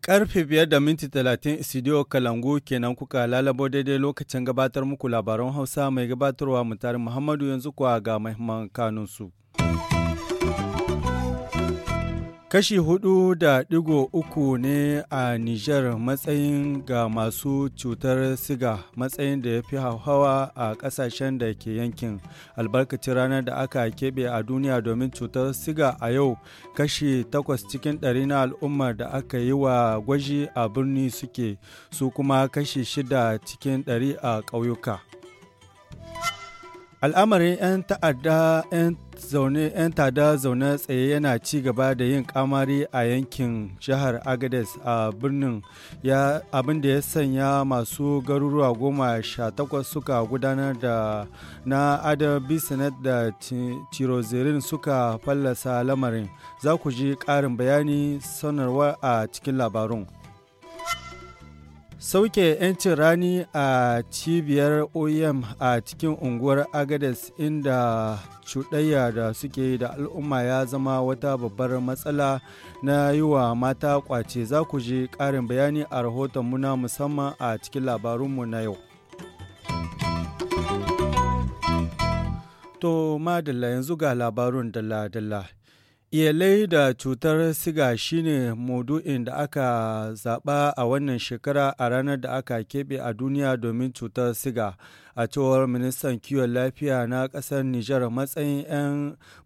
karfe biyar da minti talatin studio kalangu kenan kuka lalabo daidai lokacin gabatar muku labaran hausa mai gabatarwa mutarin muhammadu yanzu kuwa ga mahimman kanunsu. Kashi hudu da digo uku ne a Nijar matsayin ga masu cutar siga matsayin da ya fi hauhawa a kasashen da ke yankin. Albarkacin ranar da aka keɓe a duniya domin cutar siga a yau kashi takwas cikin ɗari na al'ummar da aka yi wa gwaji a birni suke su kuma kashi shida cikin ɗari a ƙauyuka. Al'amarin 'yan ta'adda 'yan zaune 'yan tada zaune tsaye yana ci gaba da yin kamari a yankin jihar Agades a birnin abin da ya sanya masu garuruwa goma sha takwas suka gudanar da na bisanet da Tirozirin suka fallasa lamarin. Za ku ji ƙarin bayani sanarwa a cikin labarun. sauke 'yancin rani a cibiyar oem a cikin unguwar agades inda cuɗayya da suke da al'umma ya zama wata babbar matsala na yi wa mata kwace za ku ji ƙarin bayani a rahoton muna musamman a cikin labarunmu na yau to madalla yanzu ga labarun dala-dala. Iyalai da cutar siga shine maudu'in da aka zaba a wannan shekara a ranar da aka keɓe a duniya domin cutar siga. A cewar ministan kiwon lafiya na ƙasar Nijar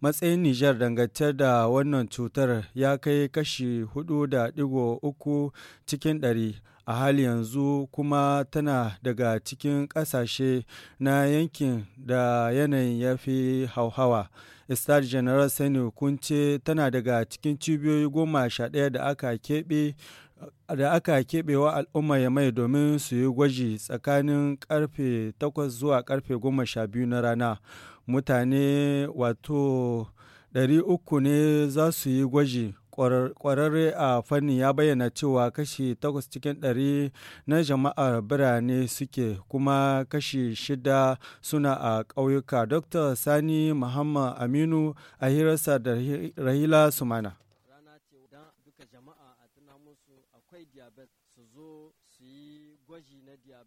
matsayin Nijar dangance da wannan cutar ya kai kashi 4.3 cikin ɗari. a hali yanzu kuma tana daga cikin ƙasashe na yankin da yanayin ya fi hauhawa. Star General Sani Kunce tana daga cikin cibiyoyi goma sha ɗaya da aka keɓe da aka keɓewa al'umma ya mai domin su yi gwaji tsakanin karfe 8 zuwa karfe 12 na rana mutane wato 300 ne za su yi gwaji kwararre a fannin ya bayyana cewa kashi 8 cikin 100 na jama'ar birane suke kuma kashi 6 suna a ƙauyuka. Dr. Sani Muhammad Aminu a hirarsa da Rahila Sumana. Rana duka jama'a a tuna akwai diabet su zo su yi gwaji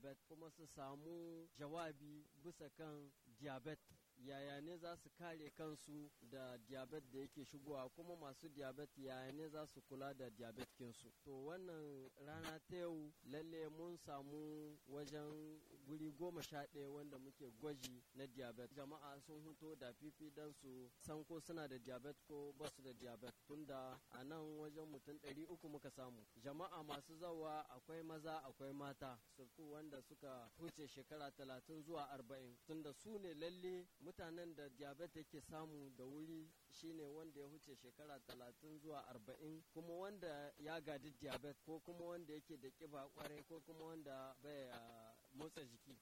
diabet kuma su samu jawabi bisa kan diabet yaya ne za su kare kansu da diabet da yake shigowa kuma masu diabet yaya ne za su kula da diabet kinsu to wannan rana ta yau lalle mun samu wajen guri goma sha ɗaya wanda muke gwaji na diabet jama'a sun huto da fifi dan su san ko suna da diabet ko ba su da diabet tunda a nan wajen mutum ɗari uku muka samu jama'a masu zawa akwai maza akwai mata surtu wanda da suka huce shekara talatin zuwa arba'in tunda su ne lalle mutanen da diabetes yake samu da wuri shine wanda ya huce shekara talatin zuwa arba'in kuma wanda ya gadi diabetes ko kuma wanda yake da kiba kwarai ko kuma wanda bai ah, motsa jiki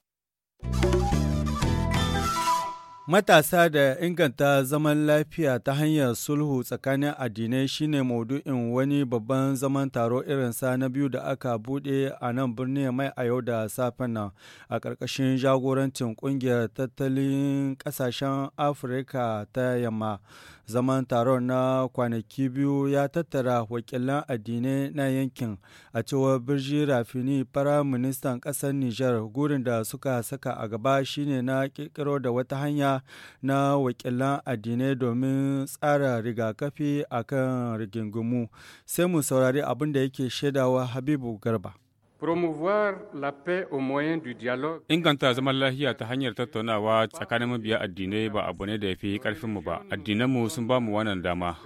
Matasa da inganta zaman lafiya ta hanyar sulhu tsakanin addinai shine maudu'in wani babban zaman taro irinsa na biyu da aka buɗe a nan birnin mai a yau da safen nan a ƙarƙashin jagorancin ƙungiyar tattalin ƙasashen Afirka ta yamma. Zaman taron na kwanaki biyu ya tattara wakilan addinai na yankin a cewar Birji Rafini Firaministan ƙasar Nijar gurin da suka saka a gaba shine na ƙirƙiro da wata hanya na wakilan addinai domin tsara rigakafi a kan rigingimu sai mu saurari abin da yake shaidawa habibu garba Inganta zaman lahiya ta hanyar tattaunawa tsakanin mabiya addinai ba abu ne da ya fi karfinmu ba. Addinanmu sun ba mu wannan dama,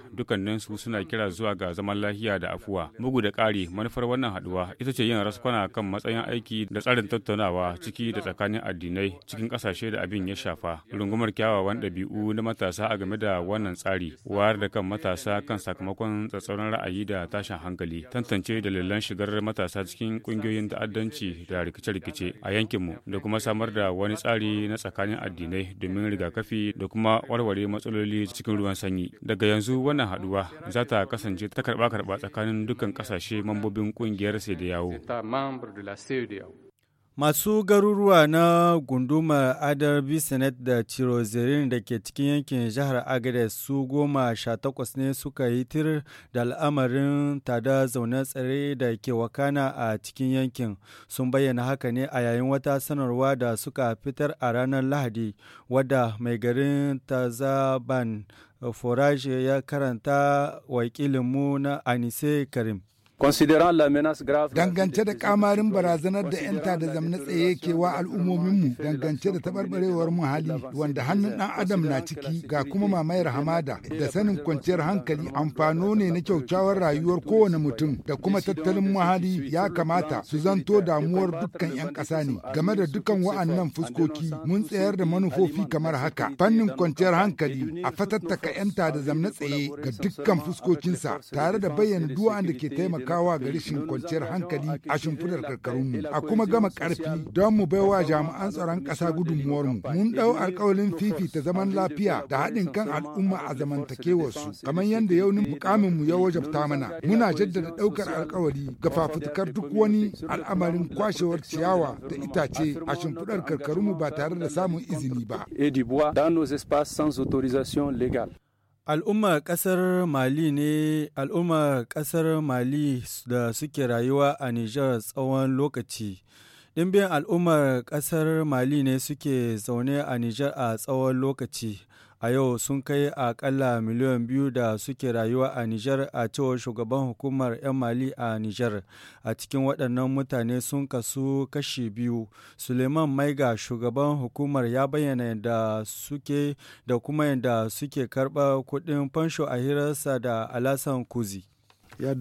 su suna kira zuwa ga zaman lahiya da afuwa. Bugu da ƙari, manufar wannan haɗuwa ita ce yin raskwana kan matsayin aiki da tsarin tattaunawa ciki da tsakanin addinai cikin ƙasashe da abin ya shafa. Rungumar kyawawan ɗabi'u na matasa a game da wannan tsari, wayar da kan matasa kan sakamakon tsatsauran ra'ayi da tashin hankali, tantance dalilan shigar matasa cikin ƙungiyoyi ƙungiyoyin ta'addanci da rikice-rikice a yankinmu da kuma samar da wani tsari na tsakanin addinai domin rigakafi da kuma warware matsaloli cikin ruwan sanyi. Daga yanzu wannan haduwa za ta kasance ta karba karba tsakanin dukkan ƙasashe mambobin ƙungiyar sai da yawo. Masu garuruwa na gundumar Adar bisanet da Cirozerin da ke cikin yankin jihar Agadez su goma sha takwas ne suka yi tir da al'amarin tada zaune tsare da ke wakana a cikin yankin. Sun bayyana haka ne a yayin wata sanarwa da suka fitar a ranar Lahadi wadda mai garin Tazaban Forage ya karanta wakilinmu na Anise Karim. Dangance da kamarin barazanar da yanta da zamna tsaye kewa wa al'ummominmu dangance da taɓarɓarewar muhalli wanda hannun ɗan adam na ciki ga kuma mamayar hamada da sanin kwanciyar hankali amfano ne na kyaukyawar rayuwar kowane mutum da kuma tattalin muhalli ya kamata su zanto damuwar dukkan 'yan ƙasa ne game da dukkan wa'annan fuskoki mun tsayar da manufofi kamar haka fannin kwanciyar hankali a fatattaka yanta da zamna tsaye ga dukkan fuskokinsa tare da bayyana duwa da ke taimaka taimakawa ga rashin kwanciyar hankali a shimfidar karkarunmu a kuma gama karfi don mu bai wa jami'an tsaron ƙasa gudunmuwarmu mun ɗau alƙawalin fifita zaman lafiya da haɗin kan al'umma a zamantakewarsu kamar yadda yau yaunin mukaminmu ya wajabta mana muna jaddada ɗaukar alƙawari ga fafutukar duk wani al'amarin kwashewar ciyawa da itace a shimfidar karkarunmu ba tare da samun izini ba. Et dans sans autorisation légale. Al'ummar ƙasar Mali ne al'ummar ƙasar Mali da suke rayuwa a Nijar tsawon lokaci. Ɗimbin al'ummar ƙasar Mali ne suke zaune a Nijar a tsawon lokaci. A yau sun kai aƙalla miliyan biyu da suke rayuwa a Nijar a cewar shugaban hukumar 'yan Mali a Nijar. A cikin waɗannan mutane sun kasu kashi biyu. Suleiman Maiga shugaban hukumar ya bayyana yadda suke da kuma yadda suke karɓar kuɗin fansho a hirarsa da Alasan Kuzi. la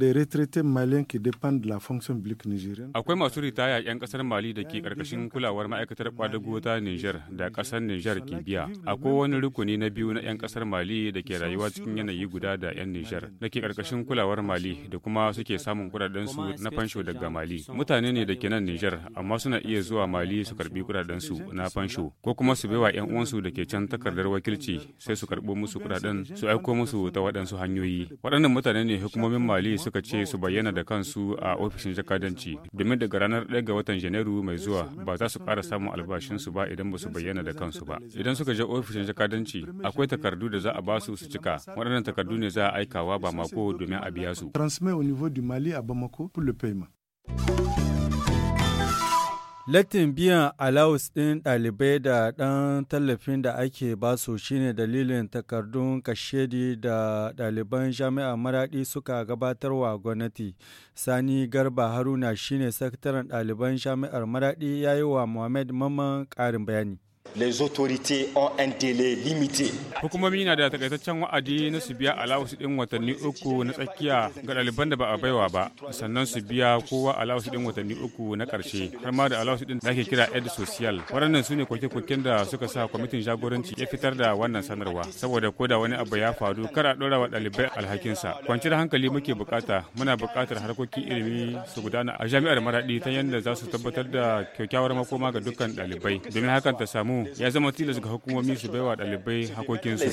Akwai masu ritaya 'yan kasar Mali da ke karkashin kulawar ma'aikatar kwadago ta Nijar da kasar Nijar ke biya. Akwai wani rukuni na biyu na 'yan kasar Mali da ke rayuwa cikin yanayi guda da 'yan Nijar da ke karkashin kulawar Mali da kuma suke samun su na fansho daga Mali. Mutane ne da ke nan Nijar amma suna iya zuwa Mali su karbi kuɗaɗensu na fansho ko kuma su bai wa 'yan uwansu da ke can takardar wakilci sai su karbo musu kudaden su aiko musu ta waɗansu hanyoyi. Waɗannan mutane ne hukumomin Mali mali suka ce su bayyana da kansu a ofishin jakadanci domin daga ranar 1 ga watan janairu mai zuwa ba za su ƙara samun albashinsu ba idan ba su bayyana da kansu ba idan suka je ofishin jakadanci akwai takardu da za a ba su su cika waɗannan takardu ne za a aikawa ba mako domin a biya su transmet au niveau du mali a bamako pour le paiement Lattin biyan alawus ɗin ɗalibai da ɗan tallafin da ake basu shine dalilin takardun kashedi da ɗaliban Jami'ar maraɗi suka gabatar wa gwamnati. Sani Garba Haruna shine sakataren ɗaliban jami'ar maraɗi ya yi wa Muhammad Mamman ƙarin bayani. les autorités ont un délai limité. Hukumomi na da takaitaccen wa'adi na su biya alawus din watanni uku na tsakiya ga ɗaliban da ba a baiwa ba, sannan su biya kowa alawus din watanni uku na ƙarshe, har ma da alawus din da ake kira ed social. Waɗannan su ne koke-koken da suka sa kwamitin jagoranci ya fitar da wannan sanarwa, saboda ko da wani abu ya faru kar a ɗora wa ɗalibai alhakinsa. kwanci da hankali muke bukata, muna bukatar harkokin ilimi su gudana a jami'ar Maraɗi ta yadda za su tabbatar da kyakkyawar makoma ga dukkan ɗalibai, domin hakan ta samu samu ya zama tilas ga hukumomi su baiwa ɗalibai hakokinsu.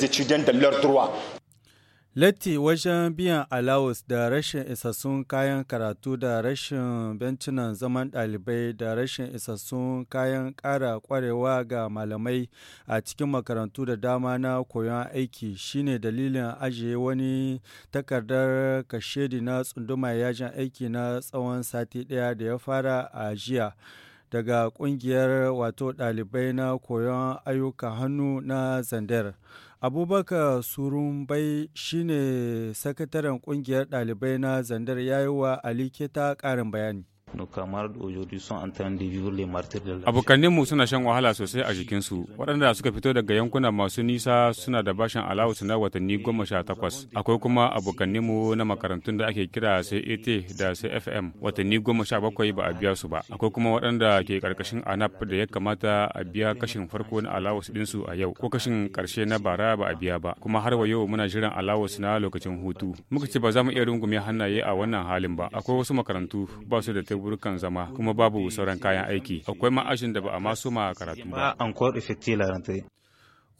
Latti wajen biyan alawus da rashin isassun kayan karatu da rashin bencinan zaman dalibai da rashin isassun kayan kara kwarewa ga malamai a cikin makarantu da dama na koyon aiki shine dalilin ajiye wani takardar kashedi na tsunduma yajin aiki na tsawon sati ɗaya da ya fara a jiya. daga ƙungiyar wato ɗalibai na koyon ayyuka hannu na Zandar. Abubakar Surumbai shine sakataren ƙungiyar ɗalibai na Zandar ya yi wa Ali ta ƙarin bayani. mu suna shan wahala sosai a jikin su. waɗanda suka fito daga yankuna masu nisa suna da bashin alawasu na watanni goma sha takwas. Akwai kuma mu na makarantun da ake kira at da CFM watanni goma sha bakwai ba a biya su ba. Akwai kuma waɗanda ke karkashin ANAP da ya kamata a biya kashin farko na alawus ɗinsu a yau, ko kashin ƙarshe na bara ba a biya ba. Kuma har wa yau muna jiran alawus na lokacin hutu. Muka ce ba za mu iya rungume hannaye a wannan halin ba. Akwai wasu makarantu ba su da burukan zama kuma babu sauran kayan aiki. Akwai ma'ashin da ba a masu ma karatu ba.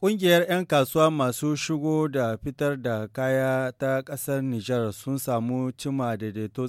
Ƙungiyar 'yan kasuwa masu shigo da fitar da kaya ta ƙasar Nijar sun samu cima daidaito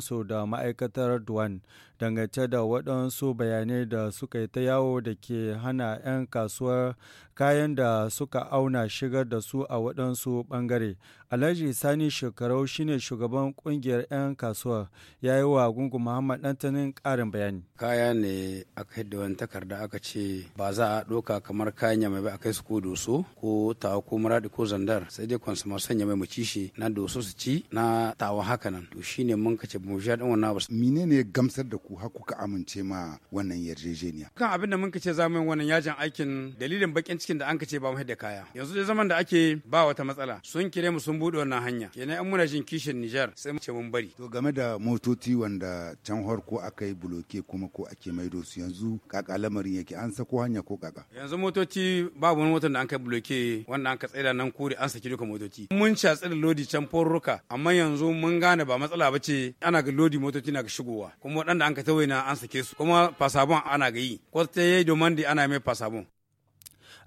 su da ma'aikatar Duwan dangance da waɗansu bayanai da suka yi ta yawo da ke hana 'yan kasuwar kayan da suka auna shigar da su a waɗansu ɓangare. Alhaji Sani Shekarau shine shugaban ƙungiyar 'yan kasuwar ya yi wa Gungun Muhammad ɗantanin ƙarin bayani. Kaya ne aka da wani takarda aka ce ba za a ɗauka kamar kayan yamai ba a kai su ko doso ko tawa ko muradi ko zandar sai dai masu sanya mai mu ci shi na doso su ci na tawa haka nan to shine mun kace mu sha dan wannan ba. Menene gamsar da ku har ka amince ma wannan yarjejeniya kan abin da mun ce yi wannan yajin aikin dalilin bakin cikin da an ce ba mu da kaya yanzu dai zaman da ake ba wata matsala sun kire mu sun bude wannan hanya kenan an muna jin kishin Nijar sai mu ce mun bari to game da motoci wanda can harko aka yi bloke kuma ko ake maido su yanzu kaka lamarin yake an sako hanya ko kaka yanzu motoci babu wani motar da an kai bloke wanda an ka tsaida nan kore an saki duka motoci mun ci da lodi can forruka amma yanzu mun gane ba matsala ba ce ana ga lodi motoci na ga shigowa kuma waɗanda an ka ta na an sake su kuma fasabon ana ga yi ko ta yi da ana mai fasabon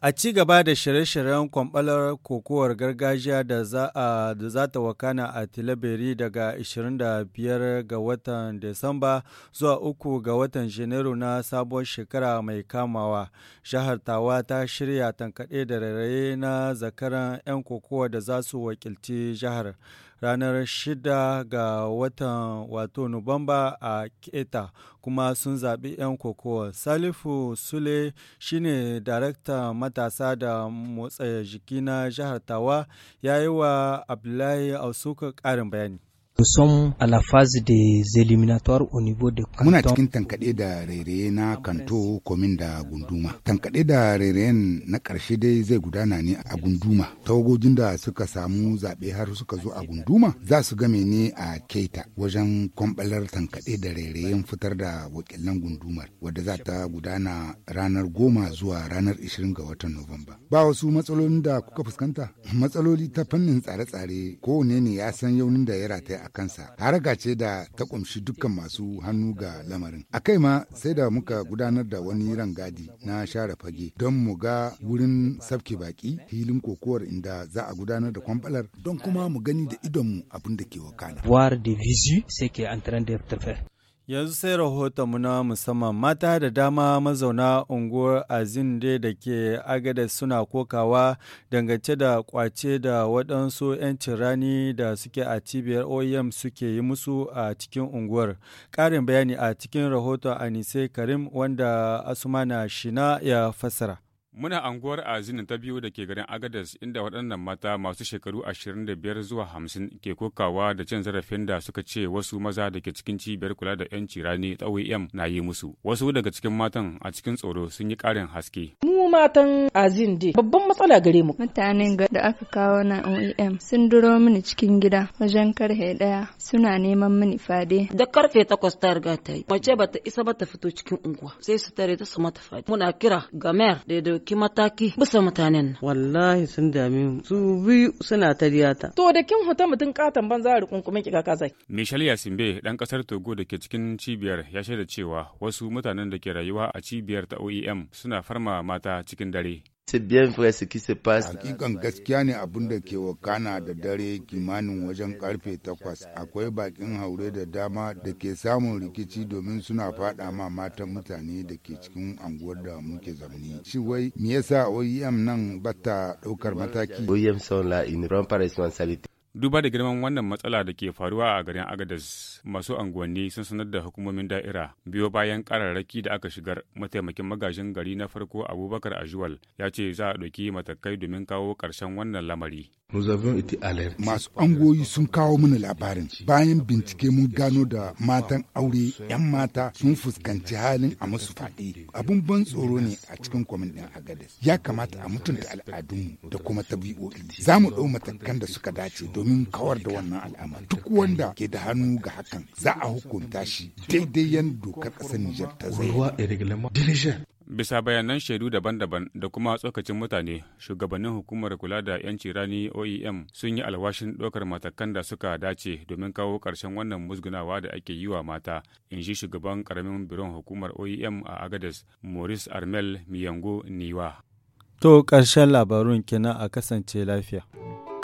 a ci gaba da shirye-shiryen kwamɓalar kokowar gargajiya da za ta wakana a tilaberi daga 25 ga watan Desamba zuwa 3 ga watan Janairu na sabuwar shekara mai kamawa. Jihar Tawa ta shirya tankaɗe da rairaye na zakaran 'yan kokowa da za su wakilci jihar. ranar 6 ga watan wato Nuwamba a Keta kuma sun zaɓi 'yan kokowa. Salifu Sule shine darakta matasa da motsa jiki na jihar Tawa ya yi wa Abdullahi Ausuka ƙarin bayani. Nous sommes à la phase des éliminatoires de canton. Muna cikin tankaɗe da rairaye na kanto komin da gunduma. Tankaɗe da rairayen na karshe dai zai gudana ne a gunduma. tawagojin da suka samu zaɓe har suka zo a gunduma za su game ne a Keita wajen kwamɓalar tankaɗe da rairayen fitar da wakilan gundumar wadda za ta gudana ranar goma zuwa ranar ishirin ga watan Nuwamba. Ba wasu matsalolin da kuka fuskanta? Matsaloli ta fannin tsare-tsare kowane ne ya san yaunin da ya rataya kansa haraka ce da ta kumshi dukkan masu hannu ga lamarin a kai ma sai da muka gudanar da wani rangadi na share fage don mu ga wurin sabke baki filin kokowar inda za a gudanar da kwamfalar don kuma mu gani da idonmu abin da ke wakana. war de visu ce qui en train Yanzu sai mu na musamman mata da dama mazauna unguwar Azinde da ke agada suna kokawa dangance da kwace da waɗansu 'yancin rani da suke a cibiyar OEM suke yi musu a cikin unguwar. Ƙarin bayani a cikin rahoton Anise Karim wanda Asumana Shina ya fasara. Muna anguwar Azinin ta biyu da ke garin Agadas inda waɗannan mata masu shekaru 25 zuwa 50 ke kokawa da cin zarafin da suka ce wasu maza da ke cikin cibiyar kula da 'yanci rani tsawo e na yi musu. Wasu daga cikin matan a cikin tsoro sun yi ƙarin haske. Mu matan Azin dai babban matsala gare mu. Mutanen da aka kawo na OEM sun duro mini cikin gida wajen karfe ɗaya suna neman mini fade. Da karfe takwas ta riga ta yi. Mace bata isa bata fito cikin unguwa sai su tare ta su mata fade. Muna kira ga mayar da ɗauki mataki bisa mutanen. Wallahi sun dami su biyu suna ta riyata. To da kin hoton mutum katon banza a kika ki kaka zai. Michel Yasimbe ɗan ƙasar Togo da ke cikin cibiyar ya shaida cewa wasu mutanen da ke rayuwa a cibiyar ta OEM suna farma mata cikin dare. C'est Hakikan gaskiya ne abin da ke wakana da dare kimanin wajen karfe takwas akwai bakin haure da dama da ke samun rikici domin suna fada ma matan mutane da ke cikin anguwar da muke zamani. Shi wai me yasa OEM nan bata daukar mataki? OEM son la in responsabilité. duba da girman wannan matsala da ke faruwa a garin agadas masu unguwanni sun sanar da hukumomin da'ira biyo bayan kararraki da aka shigar mataimakin magajin gari na farko abubakar ajuwal ya ce za a ɗauki matakai domin kawo ƙarshen wannan lamari Masu angoyi sun kawo mana labarin bayan bincike mun gano da matan aure 'yan mata sun fuskanci halin a masu faɗi. Abun ban tsoro ne a cikin kwamin ɗin Ya kamata a mutunta al'adunmu da kuma tabi'o'i. Za mu ɗau matakan da suka dace domin kawar da wannan al'amari. Duk wanda ke da hannu ga hakan za a hukunta shi daidai yan dokar ƙasar Nijar ta zai. Bisa bayanan shaidu daban-daban da kuma tsokacin mutane, shugabannin hukumar kula da 'yanci rani OEM sun yi alwashin ɗaukar matakan da suka dace domin kawo ƙarshen wannan musgunawa da ake yi wa mata, in shi shugaban ƙaramin biron hukumar OEM a Agadez, Maurice Armel Miyango Niwa. To, ƙarshen labarun kenan a kasance lafiya.